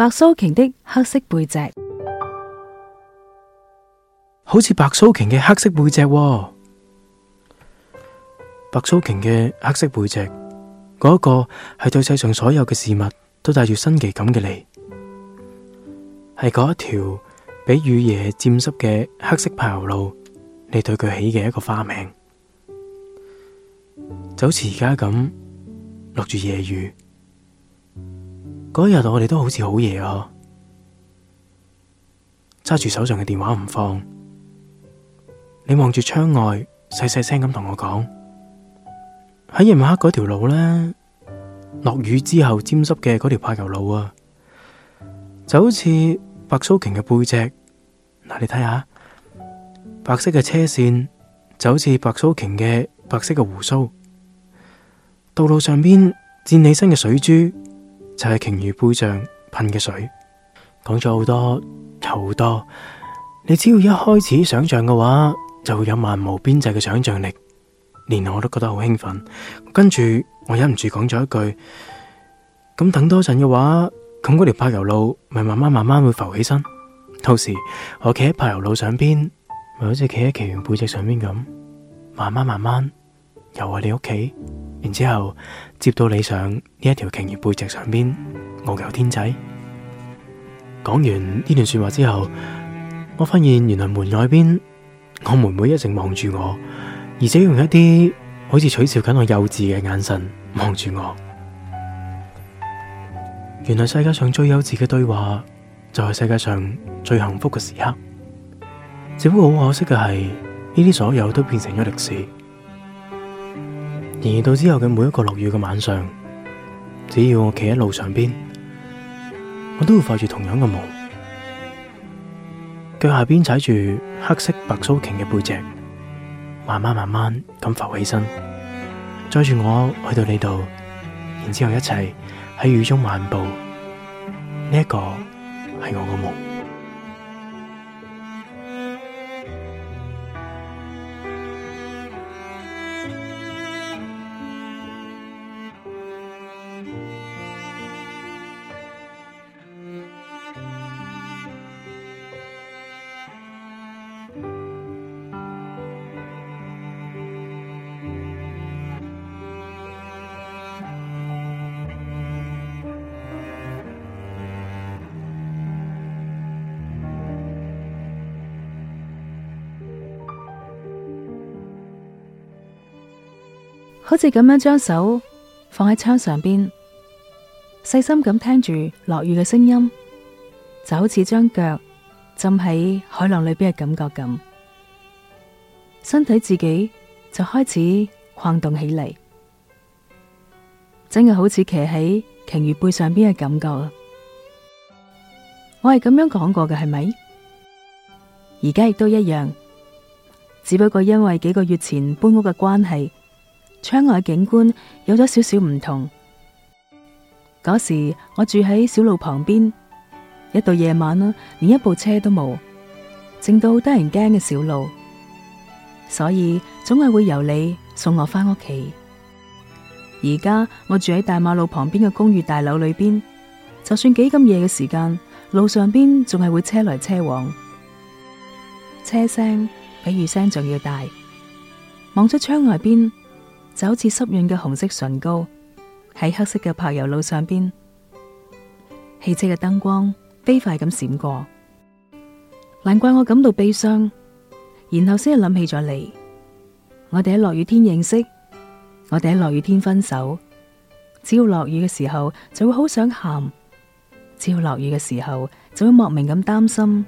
白鬚鯨的黑色背脊，好似白鬚鯨嘅黑色背脊喎。白鬚鯨嘅黑色背脊，嗰一個係對世上所有嘅事物都帶住新奇感嘅你，係嗰一條俾雨夜沾濕嘅黑色柏油路，你對佢起嘅一個花名，就好似而家咁落住夜雨。嗰一日我哋都好似好夜啊，揸住手上嘅電話唔放，你望住窗外細細聲咁同我講，喺夜晚黑嗰條路呢，落雨之後沾濕嘅嗰條柏油路啊，就好似白鬚鯨嘅背脊，嗱，你睇下白色嘅車線就好似白鬚鯨嘅白色嘅鬍鬚，道路上邊濺起身嘅水珠。就係、是、鯨魚背上噴嘅水，講咗好多又好多，你只要一開始想象嘅話，就會有漫無邊際嘅想象力，連我都覺得好興奮。跟住我忍唔住講咗一句：，咁等多陣嘅話，咁嗰條柏油路咪慢慢慢慢會浮起身，到時我企喺柏油路上邊，咪好似企喺鯨魚背脊上面咁，慢慢慢慢游回你屋企。然之後，接到理想呢一條鯨魚背脊上邊遨遊天際。講完呢段說話之後，我發現原來門外邊我妹妹一直望住我，而且用一啲好似取笑緊我幼稚嘅眼神望住我。原來世界上最幼稚嘅對話，就係、是、世界上最幸福嘅時刻。只不過好可惜嘅係，呢啲所有都變成咗歷史。然而到之後嘅每一個落雨嘅晚上，只要我企喺路上邊，我都會發住同樣嘅夢，腳下邊踩住黑色白鬚鯨嘅背脊，慢慢慢慢咁浮起身，載住我去到呢度，然之後一齊喺雨中漫步，呢、這、一個係我嘅夢。好似咁樣將手放喺窗上邊，細心咁聽住落雨嘅聲音，就好似將腳浸喺海浪裏邊嘅感覺咁，身體自己就開始晃動起嚟，真係好似騎喺鯨魚背上邊嘅感覺啊！我係咁樣講過嘅，係咪？而家亦都一樣，只不過因為幾個月前搬屋嘅關係。窗外嘅景觀有咗少少唔同。嗰時我住喺小路旁邊，一到夜晚啦，連一部車都冇，靜到得人驚嘅小路，所以總係會由你送我返屋企。而家我住喺大馬路旁邊嘅公寓大樓裏邊，就算幾咁夜嘅時間，路上邊仲係會車來車往，車聲比雨聲仲要大。望出窗外邊。就好似濕潤嘅紅色唇膏，喺黑色嘅柏油路上邊，汽車嘅燈光飛快咁閃過。難怪我感到悲傷，然後先係諗起咗你。我哋喺落雨天認識，我哋喺落雨天分手。只要落雨嘅時候，就會好想喊；只要落雨嘅時候，就會莫名咁擔心。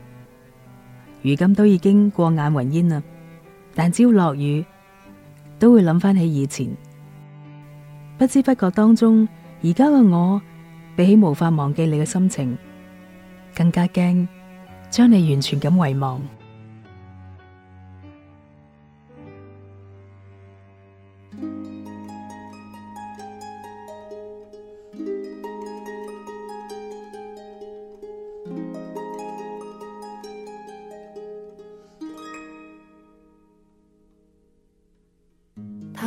如今都已經過眼雲煙啦，但只要落雨。都會諗返起以前，不知不覺當中，而家嘅我，比起無法忘記你嘅心情，更加驚將你完全咁遺忘。